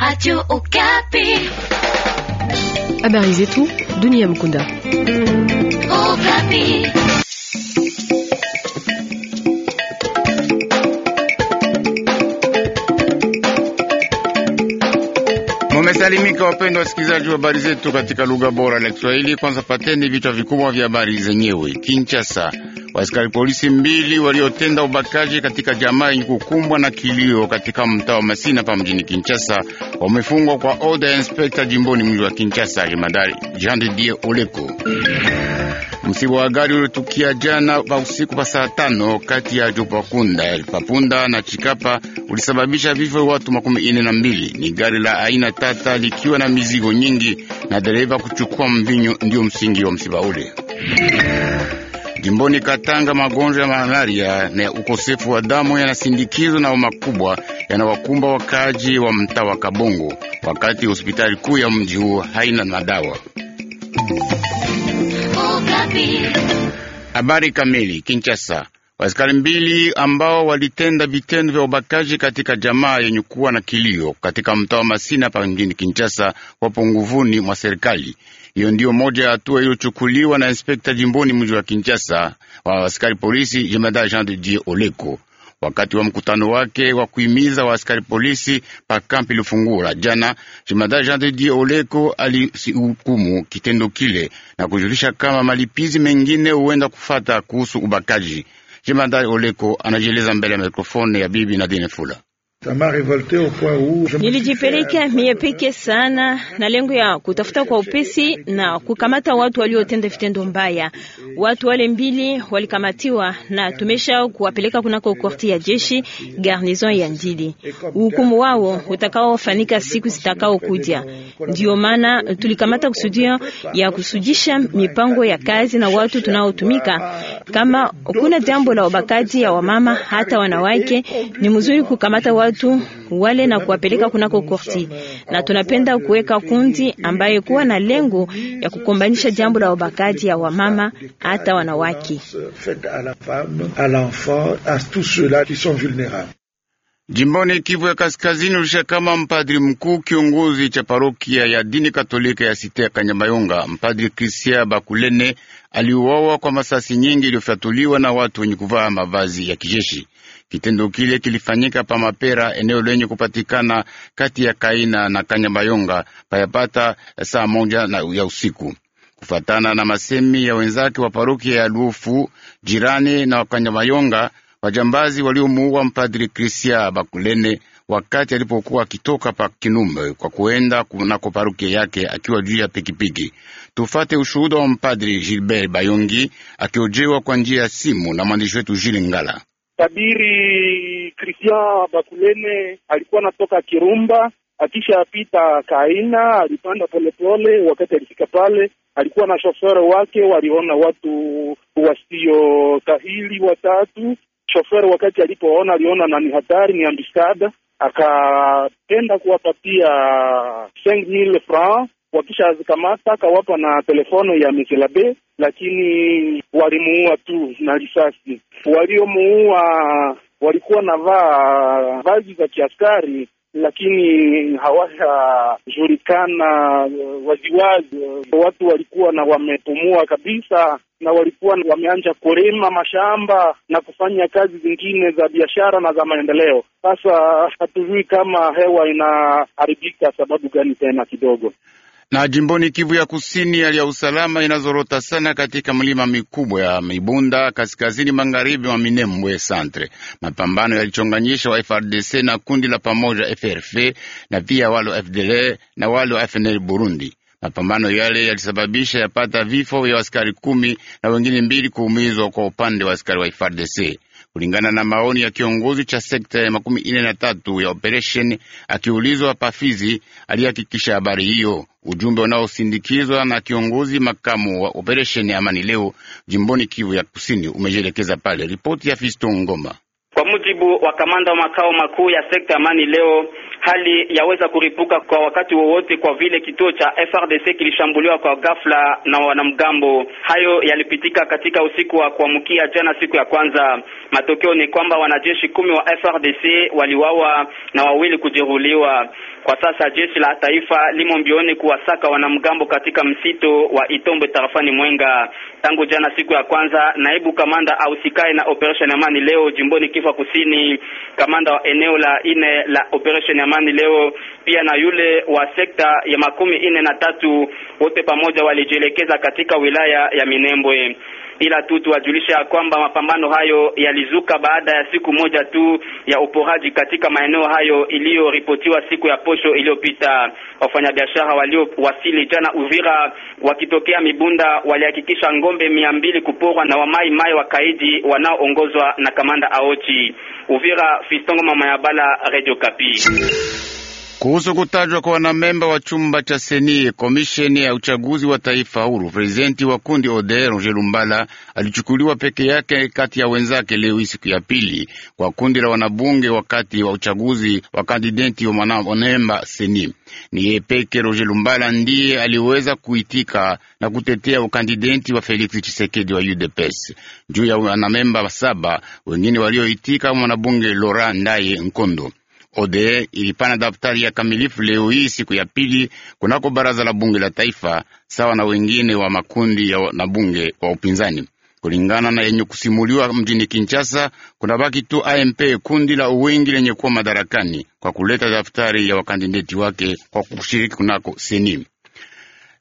Radio Okapi. Habari zetu dunia mkunda. Okapi. Mumesalimika wapendwa wasikilizaji wa habari zetu katika lugha bora la Kiswahili. Kwanza pateni vichwa vikubwa vya habari zenyewe. Kinshasa Askari polisi mbili waliotenda ubakaji katika jamaa yenye kukumbwa na kilio katika mtaa wa Masina pa mjini Kinshasa wamefungwa kwa oda ya inspekta jimboni mji wa Kinshasa, alimadari Jean de Dieu Oleko. Msiba wa gari ulitukia jana pa usiku pa saa tano kati ya Jopakunda Papunda na Chikapa ulisababisha vifo watu makumi ine na mbili. Ni gari la aina tata likiwa na mizigo nyingi na dereva kuchukua mvinyo, ndio msingi wa msiba ule. Jimboni Katanga, magonjwa ya malaria na ukosefu wa damu yanasindikizwa na makubwa yanawakumba wakaji wa mtaa wa Kabongo, wakati hospitali kuu ya mji huo haina madawa. Habari kamili. Kinshasa, wasikari mbili ambao walitenda vitendo vya ubakaji katika jamaa yenye kuwa na kilio katika mtaa wa Masina pa mjini Kinshasa wapo nguvuni mwa serikali. Hiyo ndiyo moja ya hatua iliyochukuliwa na inspekta jimboni mji wa Kinshasa wa askari polisi jemadari Jean de Dieu Oleko wakati wa mkutano wake wa kuhimiza wa askari polisi pa kampi lufungula jana, jemadari Jean de Dieu Oleko alihukumu kitendo kile na kujulisha kama malipizi mengine huenda kufata kuhusu ubakaji. Jemadari Oleko anajieleza mbele ya mikrofone ya bibi Nadine Fula. Nilijipeleka miepeke sana na lengo ya kutafuta kwa upesi na kukamata watu waliotenda vitendo mbaya. Watu wale mbili walikamatiwa na tumesha kuwapeleka kunako korti ya jeshi garnizon ya Ndili. Hukumu wao utakaofanyika siku zitakaokuja. Ndio maana tulikamata kusudio ya kusujisha mipango ya kazi na watu tunaotumika. Kama kuna jambo la ubakaji ya wamama hata wanawake, ni mzuri kukamata watu watu wale na kuwapeleka kunako korti, na tunapenda kuweka kundi ambaye kuwa na lengo ya kukombanisha jambo la ubakaji ya wamama hata wanawake. Jimboni Kivu ya Kaskazini, ulisha kama mpadri mkuu kiongozi cha parokia ya dini Katolika ya site ya Kanyabayonga, mpadri Krisia Bakulene aliuawa kwa masasi nyingi iliyofyatuliwa na watu wenye kuvaa mavazi ya kijeshi. Kitendo kile kilifanyika pa Mapera, eneo lenye kupatikana kati ya Kaina na Kanyabayonga payapata saa moja na ya usiku kufatana na masemi ya wenzake wa parokia ya Lufu jirani na Kanyabayonga. Wajambazi waliomuua mpadri Krisia Bakulene wakati alipokuwa akitoka pa kinumbe kwa kuenda kunako parokia yake akiwa juu ya pikipiki. Tufate ushuhuda wa mpadri Gilbert Bayongi akiojewa kwa njia ya simu na mwandishi wetu jile Ngala tabiri Christian Bakulene alikuwa anatoka Kirumba, akisha apita Kaina alipanda polepole. Wakati alifika pale, alikuwa na shofere wake, waliona watu wasiostahili watatu. Shofere wakati alipoona, aliona na ni hatari, ni ambiskada akapenda kuwapatia 5000 francs wakishazikamata kawapa na telefono ya Meselabe, lakini walimuua tu na risasi. Waliomuua walikuwa navaa vazi za kiaskari, lakini hawajajulikana uh, waziwazi. Watu walikuwa na wamepumua kabisa na walikuwa wameanja kulima mashamba na kufanya kazi zingine za biashara na za maendeleo. Sasa hatujui kama hewa inaharibika sababu gani tena kidogo na jimboni Kivu ya Kusini, hali ya usalama inazorota sana katika mlima mikubwa ya Mibunda kaskazini magharibi mwa Minembwe Centre. Mapambano yalichonganyisha wa FRDC na kundi la pamoja FRF na pia wale wa FDL na wale wa FNL Burundi. Mapambano yale yalisababisha yapata vifo vya askari kumi na wengine mbili kuumizwa kwa upande wa askari wa FRDC kulingana na maoni ya kiongozi cha sekta ya makumi ine na tatu ya operesheni. Akiulizwa Pafizi aliyehakikisha habari hiyo ujumbe unaosindikizwa na kiongozi makamu wa operesheni Amani leo jimboni Kivu ya Kusini umejielekeza pale. Ripoti ya Fisto Ngoma. Kwa mujibu wa kamanda wa makao makuu ya sekta Amani leo hali yaweza kuripuka kwa wakati wowote kwa vile kituo cha FRDC kilishambuliwa kwa ghafla na wanamgambo. Hayo yalipitika katika usiku wa kuamkia jana, siku ya kwanza. Matokeo ni kwamba wanajeshi kumi wa FRDC waliwawa na wawili kujeruhiwa. Kwa sasa jeshi la taifa limo mbioni kuwasaka wanamgambo katika msito wa Itombwe tarafani Mwenga. Tangu jana siku ya kwanza, naibu kamanda ausikae na operation amani leo jimboni Kifa Kusini, kamanda wa eneo la ine la operation amani leo pia na yule wa sekta ya makumi ine na tatu wote pamoja walijielekeza katika wilaya ya Minembwe ila tu tuwajulishe ya kwamba mapambano hayo yalizuka baada ya siku moja tu ya uporaji katika maeneo hayo iliyoripotiwa siku ya posho iliyopita. Wafanyabiashara waliowasili jana Uvira wakitokea Mibunda walihakikisha ngombe mia mbili kuporwa na wamai mai kaidi wanaoongozwa na kamanda Aochi. Uvira, Fistongo Mama ya Bala, Radio Kapi. Kuhusu kutajwa kwa wanamemba wa chumba cha seni komisheni ya uchaguzi wa taifa huru, prezidenti wa kundi Ode Roger Lumbala alichukuliwa peke yake kati ya wenzake leo siku ya pili kwa kundi la wanabunge wakati wa uchaguzi wa kandidenti wa mwanamemba seni. Ni yeye peke Roger Lumbala ndiye aliweza kuitika na kutetea ukandidenti wa Felix chisekedi wa UDPS juu ya wanamemba saba wengine walioitika mwanabunge Lora Ndaye Nkondo. ODE ilipana daftari ya kamilifu leo hii siku ya pili kunako baraza la bunge la taifa, sawa na wengine wa makundi ya na bunge wa upinzani. Kulingana na yenye kusimuliwa mjini Kinshasa, kunabaki tu AMP, kundi la uwingi lenye kuwa madarakani, kwa kuleta daftari ya wakandideti wake kwa kushiriki kunako seni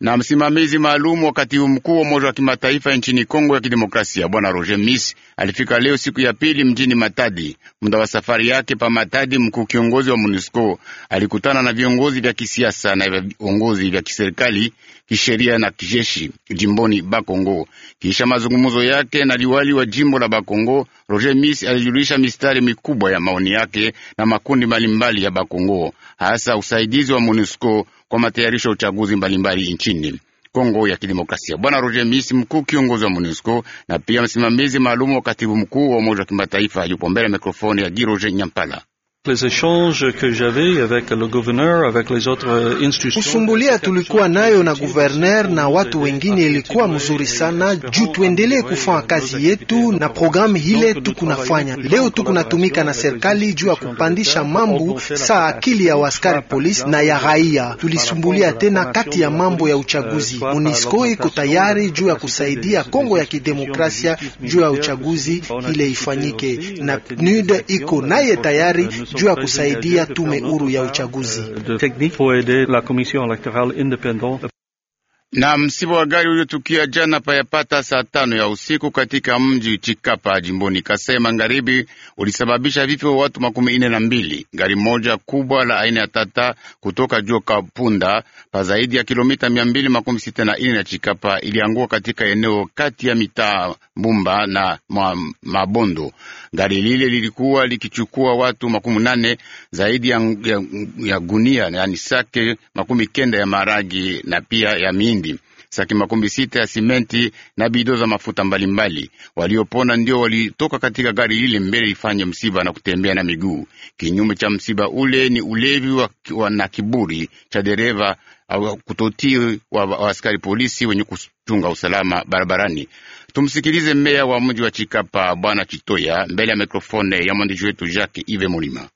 na msimamizi maalum wa katibu mkuu wa Umoja wa Kimataifa nchini Kongo ya Kidemokrasia, Bwana Roger Miss alifika leo siku ya pili mjini Matadi. Muda wa safari yake pa Matadi, mkuu kiongozi wa MONUSCO alikutana na viongozi vya kisiasa na viongozi vya kiserikali kisheria na kijeshi jimboni Bakongo. Kisha mazungumzo yake na liwali wa jimbo la Bakongo, Roger Miss alijulisha mistari mikubwa ya maoni yake na makundi mbalimbali ya Bakongo, hasa usaidizi wa MONUSCO kwa matayarisho ya uchaguzi mbalimbali nchini Kongo ya Kidemokrasia. Bwana Roger Miss, mkuu kiongozi wa MONUSCO na pia msimamizi maalum wa katibu mkuu wa Umoja wa Kimataifa, yupo mbele ya mikrofoni ya Giroje Nyampala. Les échanges que j'avais avec le gouverneur, avec les autres euh, institutions. Kusumbulia tulikuwa nayo na guverner na watu wengine ilikuwa mzuri sana juu tuendelee kufanya kazi yetu na programu hile tukunafanya leo. Tukunatumika na serikali juu ya kupandisha mambo saa akili ya waskari polisi na ya raia. Tulisumbulia tena kati ya euh, mambo ya euh, uchaguzi. Monisco iko tayari juu ya kusaidia Kongo ya kidemokrasia juu ya uchaguzi ile ifanyike, na PNUD iko naye tayari juu ya kusaidia tume huru ya uchaguzi euh, na msiba wa gari uliotukia jana payapata saa tano ya usiku katika mji Chikapa jimboni Kasai Magharibi ulisababisha vifo watu makumi nne na mbili. Gari moja kubwa la aina ya Tata kutoka juu Kapunda pa zaidi ya kilomita mia mbili makumi sita na nne na Chikapa ilianguka katika eneo kati ya mitaa Mbumba na Mabondo. Gari lile lilikuwa likichukua watu makumi nane zaidi ya, ya, ya gunia yani sake makumi kenda ya maragi na pia ya miindi saki makumi sita ya simenti na bido za mafuta mbalimbali. Waliopona ndio walitoka katika gari lile mbele ifanye msiba na kutembea na miguu. Kinyume cha msiba ule ni ulevi wa, wa na kiburi cha dereva kutotii wa, wa askari polisi wenye kuchunga usalama barabarani. Tumsikilize meya wa mji wa Chikapa Bwana Chitoya mbele ya mikrofone ya mwandishi wetu Jacques Ive Mulima.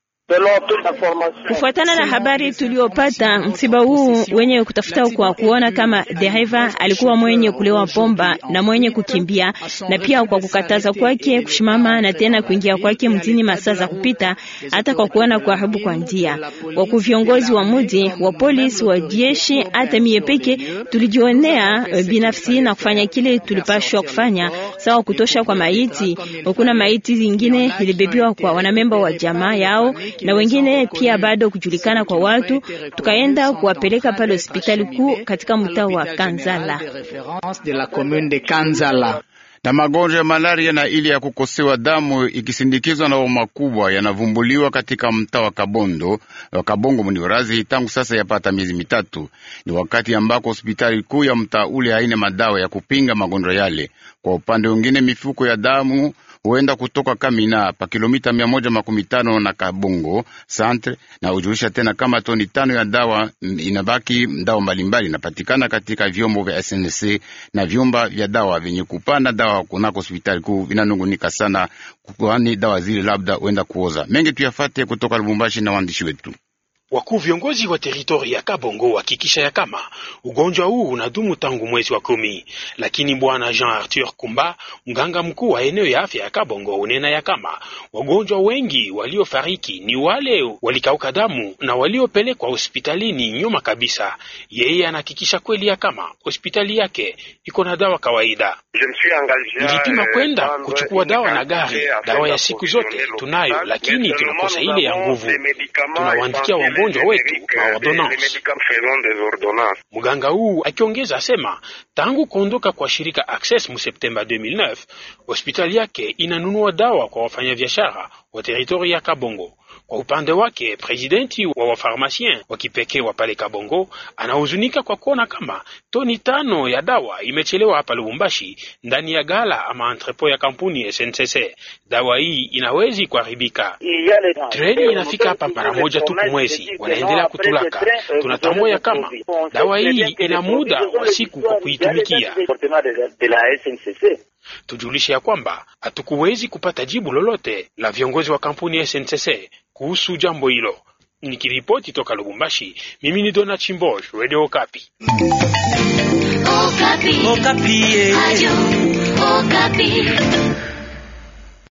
Kufuatana na habari tuliopata msiba huu wenye kutafuta kwa kuona kama dereva alikuwa mwenye kulewa pomba na mwenye kukimbia, na pia kwa kukataza kwake kushimama na tena kuingia kwake mjini masaa za kupita, hata kwa kuona kuharibu kwa njia. Wakuu viongozi wa mji, wa polisi, wa jeshi, hata mie peke tulijionea e, binafsi na kufanya kile tulipashwa kufanya, sawa kutosha kwa maiti. Kuna maiti zingine ilibebiwa kwa wanamemba wa jamaa yao na wengine pia bado kujulikana kwa watu, tukaenda kuwapeleka pale hospitali kuu katika mtaa wa Kanzala na magonjwa ya malaria na ile ya kukosewa damu ikisindikizwa na homa kubwa yanavumbuliwa katika mtaa wa Kabondo wa Kabongo mniurazi tangu sasa yapata miezi mitatu. Ni wakati ambako hospitali kuu ya mtaa ule haina madawa ya kupinga magonjwa yale. Kwa upande mwingine, mifuko ya damu huenda kutoka Kamina pa kilomita mia moja makumi tano na Kabongo Centre, na hujulisha tena kama toni tano ya dawa inabaki dawa mbalimbali inapatikana katika vyombo vya SNC na vyumba vya dawa vyenye kupana dawa kunako hospitali kuu vinanungunika sana, kwani dawa zile labda huenda kuoza. Mengi tuyafate kutoka Lubumbashi na waandishi wetu. Wakuu viongozi wa teritori ya Kabongo wakikisha ya kama ugonjwa huu unadumu tangu mwezi wa kumi, lakini bwana Jean Arthur Kumba, mganga mkuu wa eneo ya afya ya Kabongo, unena ya kama wagonjwa wengi waliofariki ni wale walikauka damu na waliopelekwa hospitalini nyuma kabisa. Yeye anahakikisha kweli ya kama hospitali yake iko na dawa kawaida. Nilipima kwenda kuchukua dawa na gari, dawa ya siku zote tunayo, lakini tunakosa ile ya nguvu. Tunawaandikia wagonjwa wetu na ordonance. Mganga huu akiongeza asema tangu kuondoka kwa shirika Access mu Septemba 2009 hospitali yake inanunua dawa kwa wafanyabiashara wa teritori ya Kabongo. Kwa upande wake presidenti wa wafarmasien wa kipekee wa pale Kabongo anahuzunika kwa kuona kama toni tano ya dawa imechelewa hapa Lubumbashi ndani ya gala ama entrepo ya kampuni SNCC. Dawa hii inawezi kuharibika. Treni inafika hapa mara moja tu kwa mwezi, wanaendelea kutulaka. Tunatambua kama dawa hii ina muda wa siku kwa kuitumikia. Tujulishe ya kwamba hatukuwezi kupata jibu lolote la viongozi wa kampuni ya SNCC kuhusu jambo hilo. Nikiripoti toka Lubumbashi, mimi ni Dona Chimbosh, Radio Okapi. Okapi. Okapi. Eh. Okapi.